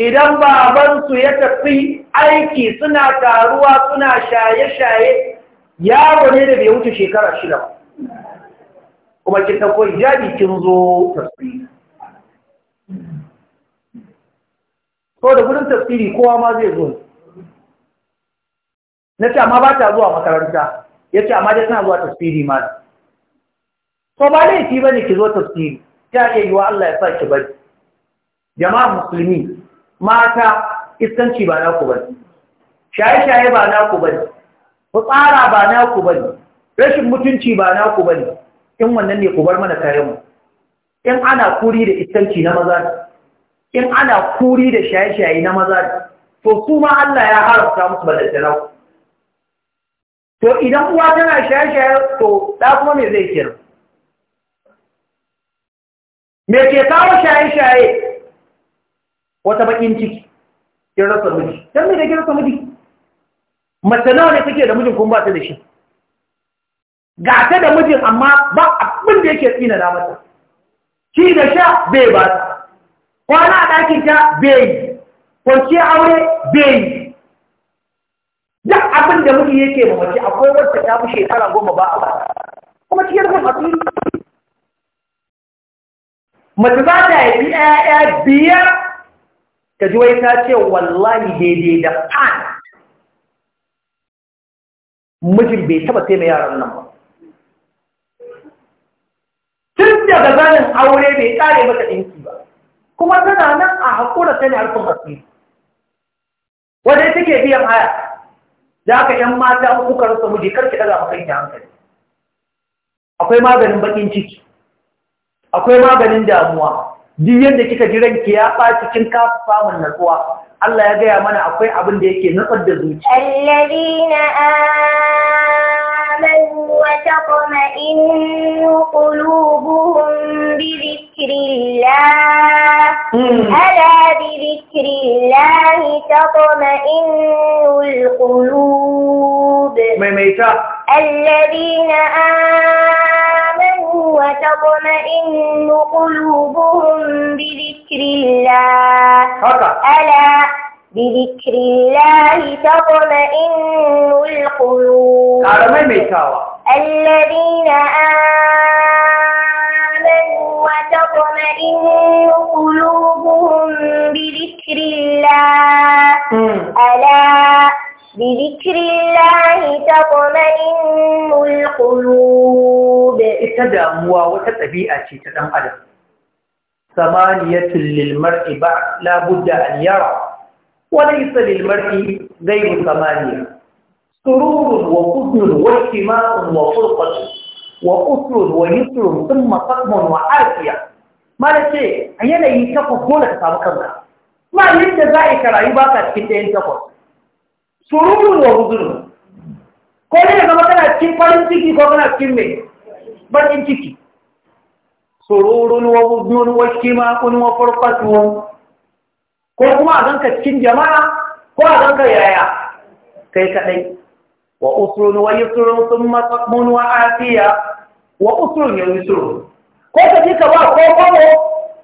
A: idan babansu ya tafi aiki suna taruwa suna shaye-shaye yaro ne da bai wuce shekara shida ba kuma kin ɗauko hijabi kin zo tasiri ko da gudun tasiri kowa ma zai zo na ce amma ba ta zuwa makaranta ya ce amma dai tana zuwa tasiri ma so ba laifi ba bane ki zo tasiri ta iya yiwa Allah ya sa ki bari jama'a musulmi mata iskanci ba na ku bari shaye-shaye ba na ku bari tsara ba naku ba ne rashin mutunci ba naku ba ne in wannan ne ku bar mana kayanmu in ana kuri da istanci na maza in ana kuri da shaye-shaye na maza to su ma Allah ya haramta musu ballantana ku to idan uwa tana shaye-shaye to da kuma me zai kira me ke kawo shaye-shaye wata bakin ciki kira rasa miji me da kira rasa miji mace nawa ne take da mijin kuma ba ta da shi ga ta da mijin amma ba abin da yake tsina na mata ci da sha bai ba ta kwana a ɗakin ta bai yi kwanci aure bai yi duk abin da miji yake ma mace akwai wata ta fi shekara goma ba a ba kuma cikin rufin asiri mace za ta yi ɗaya biyar ta ji wai ta ce wallahi daidai da pan mijin bai taba sai yaran nan ba tun daga zanen aure bai kare mata ɗinki ba kuma tana nan a haƙura ta ne harkun asiri wadai take biyan haya Za ka ‘yan mata uku kuka rasa muje karki a kan hankali akwai maganin bakin ciki akwai maganin damuwa duk yadda kika ji ranki ya ba kin kafa samun natsuwa Allah ya gaya mana akwai abin da yake nutsar da zuci.
B: Allazina amanu وتطمئن قلوبهم بذكر الله ألا بذكر الله تطمئن القلوب الذين آمنوا وتطمئن قلوبهم بذكر الله ألا بذكر الله تطمئن القلوب الذين آمنوا وتطمئن قلوبهم بذكر الله hmm. ألا بذكر الله تطمئن القلوب
A: ابتدى موا وتتبيئة تدم أدم ثمانية للمرء بعد لا بد أن يرى وليس للمرء غير ثمانية سرور وحزن واجتماع وفرقة وأسر ويسر ثم سقم وعافية ما لشيء أين يتقف دولة سابقا ما يتزايك رأيباك كتين تقف sururun wa huzurin ko ne da zama kana cikin farin ciki ko kana cikin mai barin ciki sururun wa ko kuma a ganka cikin jama'a ko a ganka yaya kai kaɗai. wa usurun wa yusrun sun taqmun wa Asiya wa usurun ya yusrun ko ka ji ka ba ko kwamo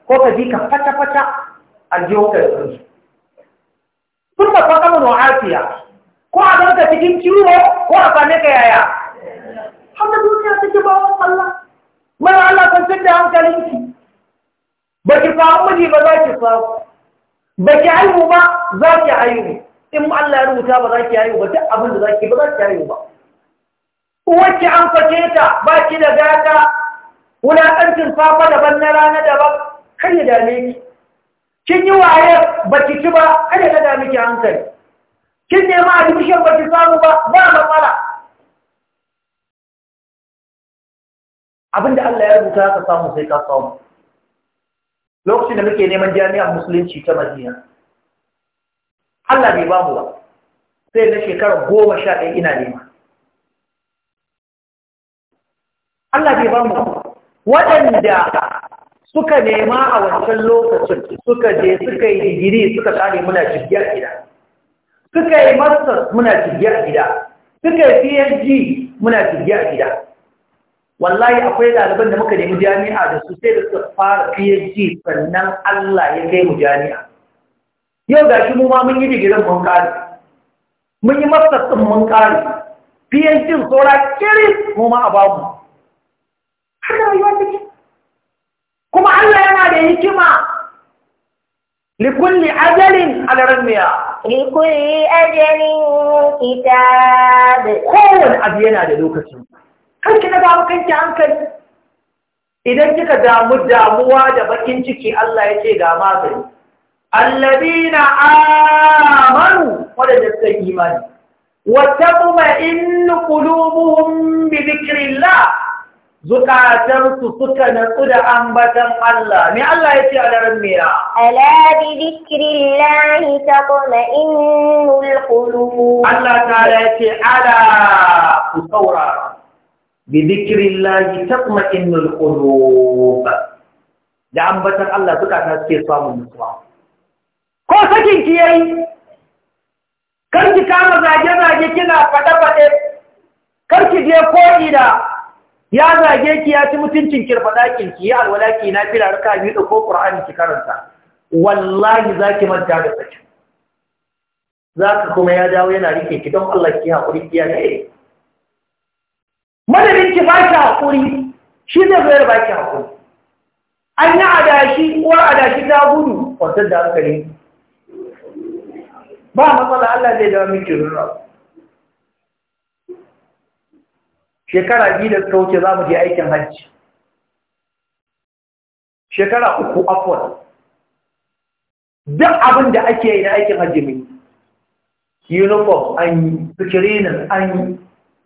A: ko ka ji ka fata fata a
C: jokar
A: Sun thumma taqmun wa Asiya. ko a ganka cikin ciwo ko a fane ka yaya hannun duniya take ba wa Allah mara Allah kan da hankalinki ba ki samu miji ba za ki samu ba ki haihu ba za ki haihu in Allah ya rubuta ba za ki haihu ba duk abin da za ki ba za ki haihu ba uwarki an fake ta ba ki da gata wulaƙancin safa daban na rana daban kar ya dame ki kin yi waye ba ki ci ba kada ka dame ki hankali kin nema admission ba ki samu ba ba matsala abinda Allah ya rubuta ka samu sai ka samu lokacin da muke neman jami'ar musulunci ta madina Allah bai babu ba sai na shekara goma sha ɗaya ina nema Allah bai ba waɗanda suka nema a wancan lokacin suka je suka yi digiri suka tsari muna jirgiyar gida suka yi masar muna jirgiyar gida suka yi PhD muna jirgiyar gida wallahi akwai ɗaliban da muka nemi jami'a da su sai da suka fara PhD sannan Allah ya kai mu jami'a yau ga shi mu ma mun yi digirin mun kare mun yi master din mun kare PhD saura kiri mu ma a bamu kuma Allah yana da hikima
B: likulli ajalin alarmiya likulli ajalin kitab
A: kowane abu yana da lokacin
B: karki na damu kanki hankali
A: idan kika damu damuwa da bakin ciki Allah ya ce ga magani allabina amanu wadanda suka yi imani wa taquma in qulubuhum bi dhikrillah suka nutsu da ambatan Allah ne Allah ya ce a daren mera
B: ala bi dhikrillah taquma in qulubuhum Allah ta ya
A: ala ku saurara bidikirillahi الله تطمئن القلوب da ambatan Allah ta suke samun nutsuwa ko sakin ki yayi kar ki kama zage zage kina fada fade kar ki je ko ida ya zage ki ya ci mutuncin ki fada kin ki ya alwalaki na fira ka biyu da ko qur'ani ki karanta wallahi zaki manta da sakin zaka kuma ya dawo yana rike ki don Allah ki hakuri ki ya ne madadin ki baki hakuri shi zai zo ya baki hakuri an yi adashi uwar adashi ta gudu kwantar da hankali ba matsala Allah zai dawo miki rura shekara biyu da suka wuce za mu je aikin hajji shekara uku afuwar duk abin da ake yi na aikin hajji mai uniform an yi sikirinin an yi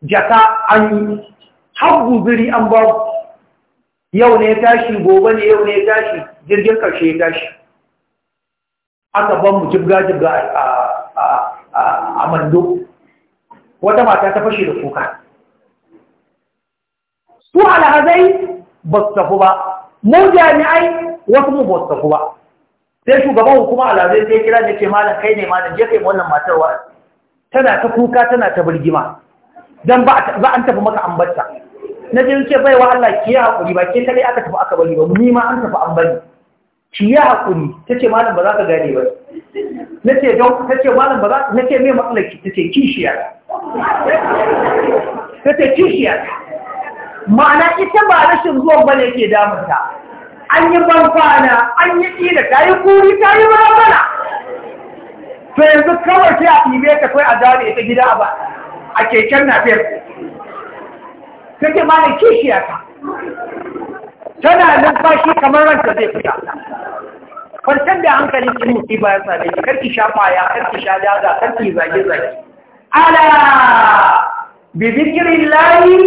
A: jaka an yi har guziri an ba yau ne ya tashi gobe ne yau ne ya tashi jirgin karshe ya tashi aka ban mu jibga-jibga a mando wata mata ta fashe da kuka su alhazai ba su tafi ba mu jami'ai wasu mu ba su tafi ba sai shugaban hukuma alhazai sai kira ne ke malam kai ne malam jefe kai wannan matarwa tana ta kuka tana ta birgima dan ba za an tafi maka ambata na je ce bai wa Allah ki ya hakuri ba ke kare aka tafi aka bari ba ni ma an tafi an bari ki ya hakuri tace malam ba za ka gane ba nace don tace malam ba za nace me matsalar ki tace kishiya
C: tace kishiya
A: ma'ana ita ba rashin zuwan bane ke damunta
C: an yi banfana an yi tsira ta yi
A: kuri ta yi bana. to yanzu kawai sai a ɗibe ta kai a dare ita gida a ba a keken nafiyar ta ce ma ta tana numfashi kamar ranta zai fita kwantar da hankali cikin ki bayan same ki karki sha kwaya karki sha daga karki zage zage
C: ala
A: bi zikrillahi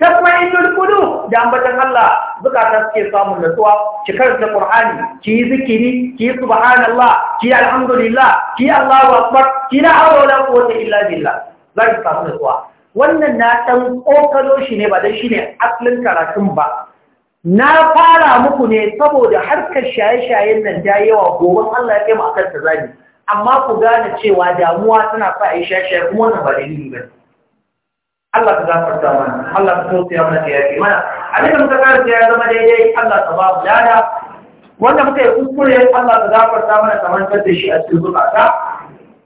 A: tatma'innul turkudu da ambatan Allah ta suke samun nutsuwa Cikar da Qur'ani ki yi zikiri ki yi subhanallah ki yi alhamdulillah ki yi Allahu akbar ki la hawla wala quwwata illa billah za ki samu nutsuwa wannan na ɗan ƙokalo shi ne ba don shi ne asalin karatun ba na fara muku ne saboda harkar shaye-shayen nan da yawa gobe Allah ya kai mu ta zabi amma ku gane cewa damuwa tana sa a yi shaye-shaye kuma wannan ba dalili ba Allah ta gafarta mana Allah ta ya mana ta yafi mana abin da muka karanta ya zama daidai Allah ta ba mu dada wanda muka yi kuskure Allah ta gafarta mana kamar da shi a cikin ta.